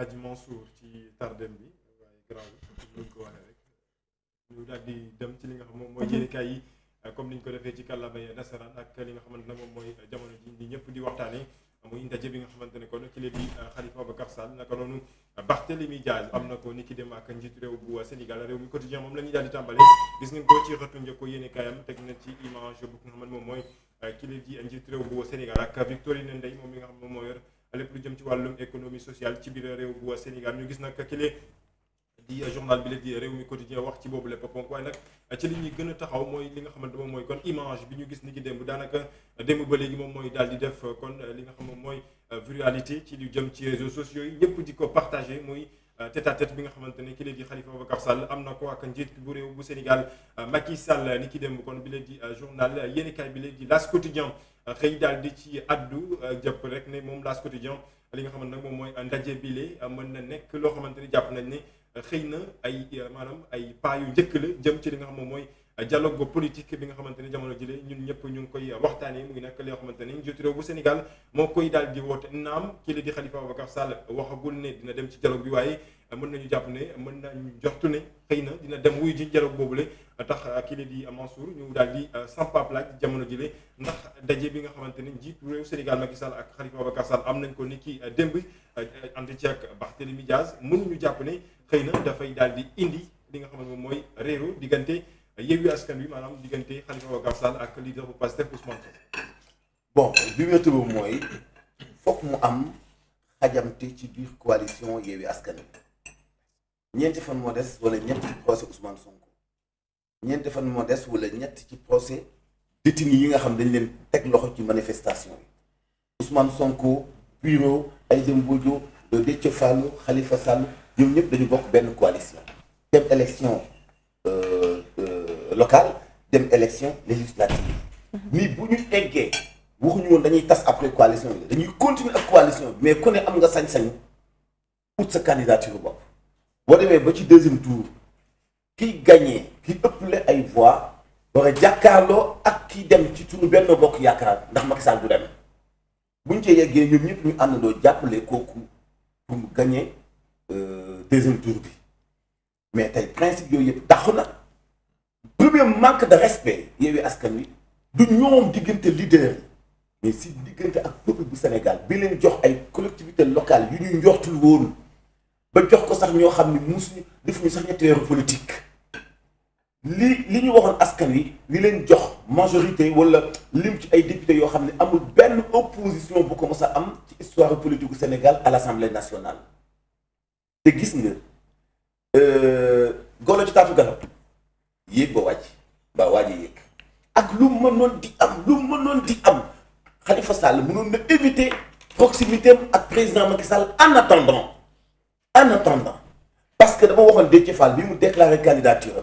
Hadj Mansour ci tardem bi waaye garaaw luñ ko waxee di dem ci li nga xam moom mooy yéenekaay yi comme ko defee ci kàllaamay nasaraan ak li nga xamante ne moom mooy jamono ji ñi ñëpp di waxtaanee muy ndaje bi nga xamante ne kon ci la di Khalifa Ababacar Sall naka noonu Barthélémy ni ki dem ak réew bu Sénégal réew mi quotidien moom la ñuy daal di tàmbale gis ngeen ko ci xëtu njëkk yéenekaayam teg na ci image bu nga xamante moom mooy ki la di réew bu Sénégal ak Victorine Ndeye moom mi nga xam moom mooy yor lépp lu jëm ci wàllum économie sociale ci biir réew bu Sénégal ñu gis nag kile di journal bi la di réew mi quotidien wax ci boobu lépp ponk nag ci li ñuy gën a taxaw mooy li nga xamante moom mooy kon image bi ñu gis ni ki démb daanaka démb ba léegi moom mooy daal di def kon li nga xam moom mooy viralité ci lu jëm ci réseaux sociaux yi ñëpp di ko partagé muy tête à bi nga xamante ne ki la di Khalifa Ababacar Sall am na ko ak njiit bu réew bu Sénégal Macky Sall ni ki démb kon bi la di journal yéeni kaay bi la di las quotidien xëy daal di ci addu euh, jëpp rek ne moom laas quotidien li nga xamante nag moom mooy ndaje bile euh, mën na nekk loo xamante ni jàpp nañ ne euh, xëy na ay maanaam ay pas yu njëkk la jëm ci li nga xam moom mooy dialogue politique bi nga xamante ni jamono jile ñun ñëpp ñu ngi koy waxtaanee mu ngi nekk li nga xamante ni njiitu réew bu Sénégal moo koy daal di woote naam kii la di Khalifa Ababacar Sall waxagul ne dina dem ci dialogue bi waaye mën nañu jàpp ne mën nañu joxtu ne xëy na dina dem wuy ji boobu le tax kii la di Mansour ñu daal di euh, sampa laaj jamono jile ndax daje bi nga xamante ne njiitu réew Sénégal Macky Sall ak Khalifa Ababacar Sall am nañ ko ni ki euh, démb euh, ànd ci ak Barthélémy Diaz mënuñu jàpp ne xëy na dafay daal di indi li nga xam moom mooy réeru diggante Yewwi Askan Wi maanaam diggante Khalifa Ababacar Sall ak leader bu Pastef Ousmane Sonko bon bi wétu bu mooy foog mu am xajamte ci biir coalition Yewwi Askan Wi ñeenti fan moo des wala ñetti ci procès Ousmane Sonko ñeenti fan moo des wala ñetti ci procès détenu yi nga xam dañ leen teg loxo ci manifestation yi Ousmane Sonko Biro Aïda Mbodj Déthié Fall xalifa Sall ñoom ñëpp dañu bokk benn coalition dem élection euh, euh, locale dem élection législative nii mhm. bu ñu eggee waxuñu woon dañuy tas après coalition yi dañuy continuer ak coalition mais ku ne am nga sañ-sañu ut sa candidature bopp boo demee ba ci deuxième tour kiy gagné ki ëpple ay voix war a jàkkaarloo ak ki dem ci turu benn bokk yaakaar ndax Macky Sall du dem buñ ci yeggee ñoom ñëpp ñu àndandoo jàppale kooku pour mu gagné euh, deuxième tour bi mais tey principe yooyu yëpp taxu na premier manque de respect Yewwi Askan Wi du ñoom diggante leader yi mais si diggante ak peuple bu Sénégal bi leen jox ay collectivité locales yu ñuy njortul woon ba jox ko sax ñoo xam ne muusuñu defuñu sax ñetti weeru politique li li ñu waxoon askan wi li leen jox majorité wala lim ci ay député yoo xam ne amul benn opposition bu ko mos a am ci histoire politique gu Sénégal à l'Assemblée nationale te gis nga euh, golo ci taatu garab yéeg ba wàcc ba waaj yéeg ak lu mënoon di am lu mënoon di am Khalifa Sall mënoon na éviter proximité ak président Macky Sall en attendant en attendant parce que dama waxoon Déthié Fall bi mu déclaré candidature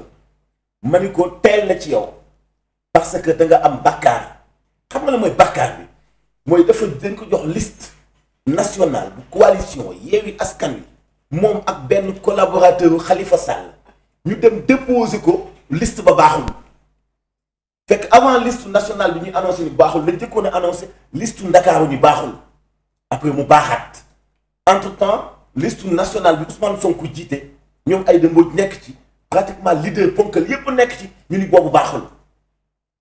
am ma ni ko teel na ci yow parce que danga am bàkkaar xam nga la mooy bàkkaar bi mooy dafa dañ ko jox liste nationale bu coalition Yewwi Askan Wi moom ak benn collaborateur u Khalifa Sall ñu dem déposer ko liste ba baaxul fekk avant liste nationale bi ñuy annoncé ni baaxul lañ jëkkoon a annoncé liste Ndakaaru ni baaxul après mu baaxaat entre temps liste national bi Ousmane Sonko jiite ñoom ay dëmbooj nekk ci pratiquement leader ponkal yépp nekk ci ñu ni boobu baaxul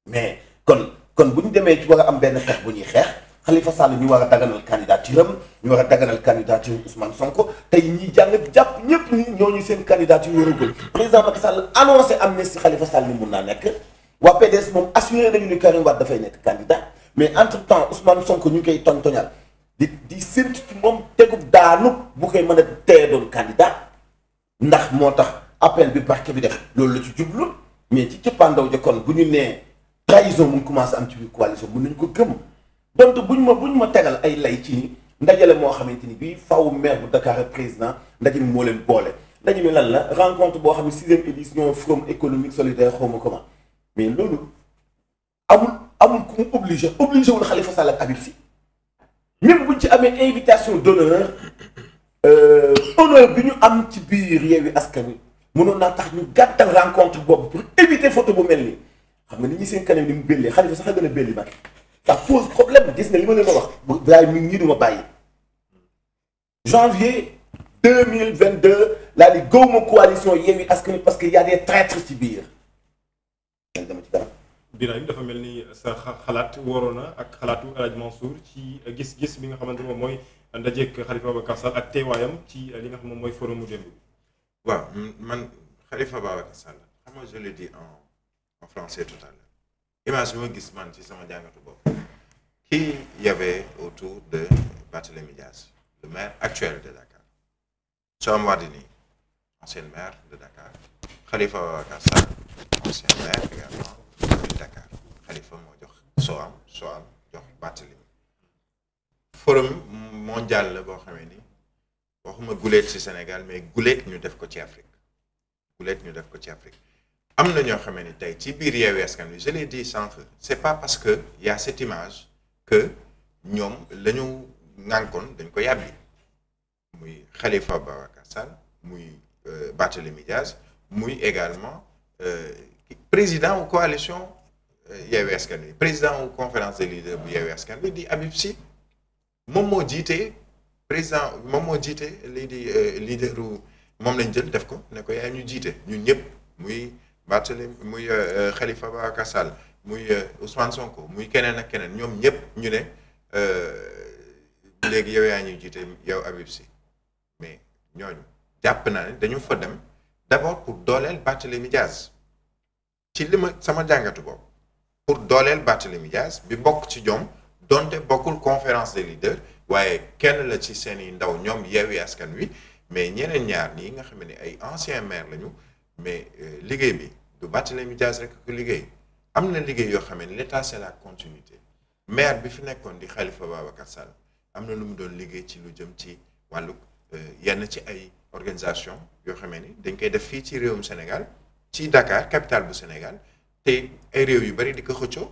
mais kon kon bu ñu demee ci war a am benn xeex bu ñuy xeex Khalifa Sall ñu war a daganal candidature am ñu war a daganal candidature Ousmane Sonko tey ñi jàng jàpp ñépp ni ñooñu seen candidature waragul président Macky Sall annoncé amnistie Khalifa Sall ni mun naa nekk waa PDS moom assuré nañu ni Karim dafay nekk candidat mais entre temps Ousmane Sonko ñu ngi koy toñ di di séntu moom tegu daanu bu koy mën a teye doon candidat ndax moo tax appel bi barke bi def loolu la ci jublu mais ci cëppaandaw ja kon bu ñu nee trahison mu ngi commencé am ci biir coalition nañ ko gëm donc buñ ma buñ ma tegal ay lay ci ni ndajale moo xamante ni bii faw meer bu Dakar ak président ndaje mi moo leen boole ndaje mi lan la rencontre boo xam ne sixième édition forum économique solidaire xaw ma comment mais loolu amul amul ku mu obligé obligé wul Khalifa ak Habib même bu ci amee invitation d'honneur euh, honneur bi ñu am ci biir Yewwi Askan Wi mënoon naa tax ñu gàttal rencontre boobu pour éviter photo bu mel nii xam nga nit ñi seen kanam ni mu bëllee Khalifa sax a gën a bëlli ba ça pose problème gis nga li ma ne a wax bu daay mi ñii duma bàyyi janvier deux mille vingt deux laa ni gëwma coalition Yewwi Askan Wi parce que y a des traîtres ci biir Birahim dafa mel ni sa xalaat waroon na ak xalaatu El Hadj Mansour ci gis-gis bi nga xamante moom mooy ndajeeg Khalifa ba Sall ak teewaayam ci li nga xam moom mooy forum mu démb bi. waaw man Khalifa Ababacar Sall xam nga je le dis en en français total image bi ma gis man ci sama jàngatu bopp. qui y avait autour de Barthélémy le maire actuel de Dakar Soham Wardini ancien maire de Dakar Khalifa Ababacar Sall ancien maire également. Dakar Khalifa moo jox soo am soo am jox Barthélémy forum mondial la boo xamee ni waxuma guleet ci Sénégal mais guleet ñu def ko ci Afrique guleet ñu def ko ci Afrique am na ñoo xamee ni tey ci biir Yewwi Askan Wi je l'ai dit sànq c'est pas parce que y a image que ñoom la ñu dañ ko yàbbi muy xalifa Babacar Sall muy euh, Barthélémy Diaz muy également euh, président ou coalition Yewwi Askan Wi président wu conférence des leaders bu Yewwi Askan Wi di Habib Sy moom moo jiite président moom moo jiite lii di euh, leader moom lañ jël def ko ne ko ñu jiite ñu ñëpp muy Barthélémy muy euh, euh, Khalifa Ababacar Sall muy Ousmane Sonko muy keneen ak keneen ñoom ñëpp ñu ne léegi yow yaa ñuy jiite yow Habib Sy mais ñooñu jàpp naa ne dañu fa dem d'abord pour dooleel Barthélémy Dias ci li ma sama jàngatu boobu. pour dooleel Barthélémy Dias bi bokk ci ñoom donte bokkul conférence des leaders waaye kenn la ci seen i ndaw ñoom yewi askan wi mais ñeneen ñaar ñi nga xam ni ay ancien maire lañu mais euh, liggéey bi du Barthélémy Dias rek ku liggéey am na liggéey yoo xam ne l'état c'est la continuité maire bi fi nekkoon di Khalifa Babacar Sall am na lu mu doon liggéey ci lu jëm ci wàllu euh, yenn ci ay organisation yoo xam ni dañ koy def fii ci réewum Sénégal ci Dakar capitale bu Sénégal te ay réew yu bari di ko xëccoo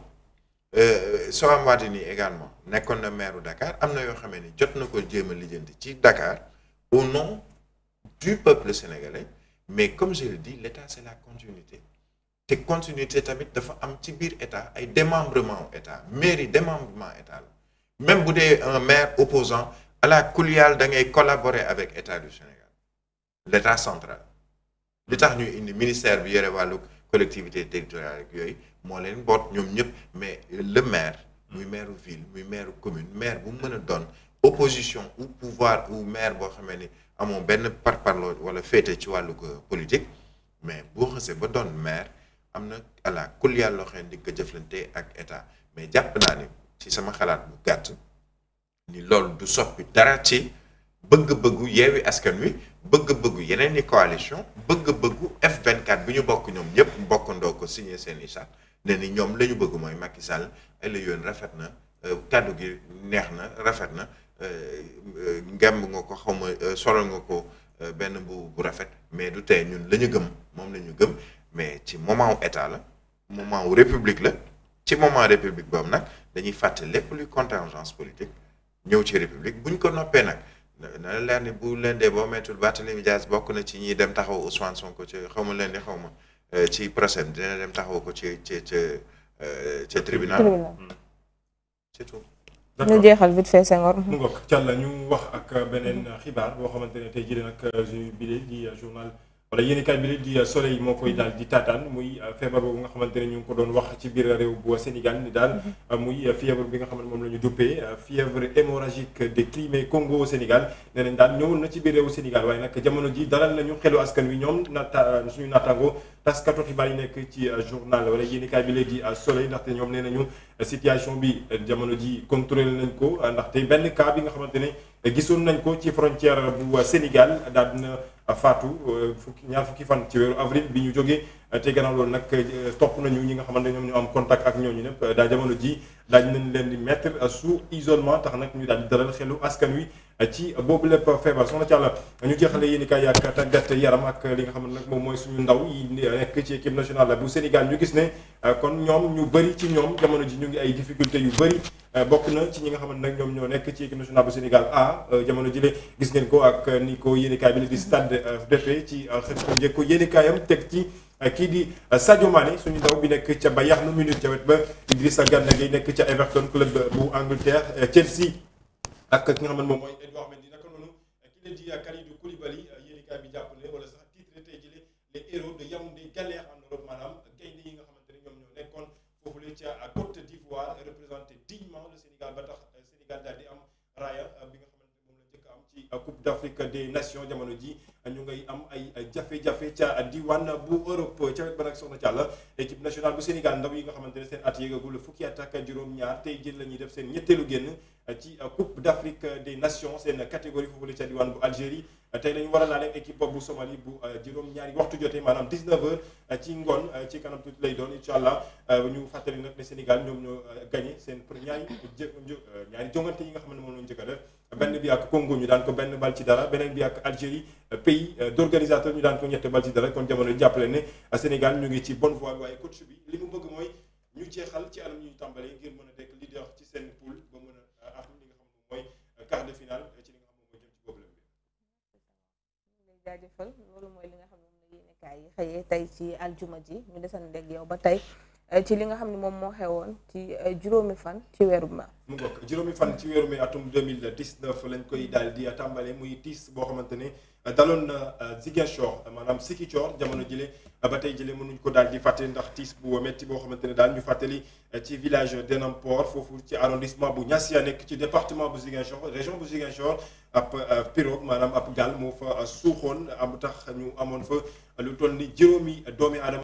euh, Soham Wardini également nekkoon na maire Dakar am na yoo xamee ni jot na ko jéem a lijjanti ci Dakar au nom du peuple sénégalais mais comme je le dis l'état c'est la continuité te continuité tamit dafa am ci biir état ay démembrement état mairie démembrement état la même bu dee un maire opposant à la kulial da ngay collaborer avec état du Sénégal l'état central li tax ñu indi ministère bi yore wàllu collectivité territoriale ak yooyu moo leen boot ñoom ñëpp mais le maire muy maire ville muy maire commune maire bu mu mën a doon opposition ou pouvoir ou maire boo xamee ni amoo benn parparloo wala féete ci wàllu politique mais boo xasee ba doon maire am na àla kul yàlla loo di ko jëflante ak état mais jàpp naa ni ci sama xalaat bu gàtt ni loolu du soppi dara ci bëgg-bëggu yeewi askan wi bëgg-bëggu yeneen i coalition bëgg-bëggu F24 bi ñu bokk ñoom ñëpp bokkandoo ko signé seen i charte ne ni ñoom la ñu bëgg mooy Macky Sall la yoon rafet na euh, kàddu gi neex na rafet na euh, euh, ngemb nga ko xawma ma nga ko benn bu bu rafet mais du tey ñun lañu gëm moom la ñu gëm mais ci moment wu état la moment wu république la ci moment république boobu nag dañuy fàtte lépp luy contingence politique ñëw ci république buñ ko noppee nag na leer ni bu leen dee boo mettul Barthélémy Dias bokk na ci ñiy dem taxaw Ousmane ko ci xaw ma leen di xaw ma euh, ci procès dina dem taxaw ko ci ci ci euh, ci tribunal. Hmm. c'est tout. ñu jeexal vite fait Senghor. mu ngoog Thial ñu wax ak beneen xibaar boo xamante ne tey jii nag euh, bi di journal. wala yéen kaay bi li di euh, soleil moo koy daal di taataan muy euh, feebar boobu nga xamante ne ñu ngi ko doon wax ci biir réew bu Sénégal ni daal mm-hmm. muy euh, fièvre bi nga xam ne moom la ñu duppee fièvre hémorragique des Crimée Congo Sénégal ne nañ daal ñëwul na ci biir réewu Sénégal waaye nag jamono ji dalal nañu xelu askan wi ñoom naata suñu naataango taskatu xibaar yi nekk ci journal wala yéen kaay bi li di soleil ndaxte ñoom nee nañu situation bi jamono ji contrôlé nañ ko ndaxte benn cas bi nga xamante ne gisoon nañ ko ci frontière bu Sénégal daal na faatu euh, fukki ñaar fukki fan ci weeru avril bi ñu jógee te gannaaw loolu nag euh, topp nañu ñi nga xamante ñoom ñoo am contact ak ñooñu ñëpp daa jamono ji daaj nañ leen di mettre sous isolement tax nag ñu daal di dalal askan wi ci boobu lépp feebar soxna Thiala ñu jeexale yéen i kaay ak tàggat yaram ak li nga xamante nag moom mooy suñu ndaw yi nekk ci équipe nationale bu Sénégal ñu gis ne euh, kon ñoom ñu bëri ci ñoom jamono ji ñu ngi ay difficultés yu bëri euh, bokk na ci ñi nga xamante nag ñoom ñoo nekk ci équipe nationale bu Sénégal a jamono ji gis ngeen ko ak ni ko yéen i kaay bi la di stade dépé ci xët njëkk ko yéen teg ci Euh, kii di euh, Sadio Mané suñu daw bi nekk ca Bayern mu ngi ca wet ba Idrissa Gana Gueye nekk ca Everton club euh, bu Angleterre Chelsea ak ki nga xam ne moom mooy Edouard Mendy naka noonu ki la di Kalidou Koulibaly yéenekaay bi jàpp ne wala sax titre tey jële les héros de Yaoundé galère en Europe maanaam gaynde yi nga xamante ne ñoom ñoo nekkoon foofu la ca Côte d'Ivoire représenté coupe d'Afrique des nations jamono ji ñu ngay am ay jafe-jafe ca diwaan bu Europe ca wet ba nag soxna Thialla équipe nationale bu Sénégal ndaw yi nga xamante ne seen at yéegagul fukki at ak juróom-ñaar tey jël la ñuy def seen ñetteelu génn ci coupe d'Afrique des nations seen catégorie foofule ca diwaan bu Algérie tey nañu war a ne leen équipe boobu Somalie bu euh, juróom-ñaari waxtu jotee maanaam 19h euh, ci ngoon euh, ci kanam tuuti lay doon incha allah ñu fàttali nag ne Sénégal ñoom ñoo gagné seen ñaari jë ñaari jongante yi nga xam ne moom la ñu njëkk benn bi ak Congo ñu daan ko benn bal ci dara beneen bi ak Algérie pays d'organisateur ñu daan ko ñett bal ci dara kon jamono jàppale ne Sénégal ñu ngi ci bonne voie waaye coach bi li mu bëgg mooy ñu jeexal ci anam ñu tàmbalee ngir mën a nekk leader ci seen jaajëfal loolu mooy li nga xam ne moom la yéenekaay yi xëyee tey ci aljuma ji ñu desandi ak yow ba tey ci li nga xam ne moom moo xewoon ci euh, juróomi fan ci weeru ma mu bokk juróomi fan ci weeru ma atum 2019 lañ koy daal di tàmbale muy tiis boo xamante ne euh, daloon na euh, Ziguinchor maanaam Sikicoor jamono jile ba tey jile mënuñ ko daal di fàttali ndax tiis bu metti boo xamante ne daal ñu fàttali ci village Denampor foofu ci arrondissement bu a nekk ci département bu Ziguinchor région bu Ziguinchor ab pirogue maanaam ab gaal moo fa suuxoon am tax ñu amoon fa lu toll ni juróomi doomi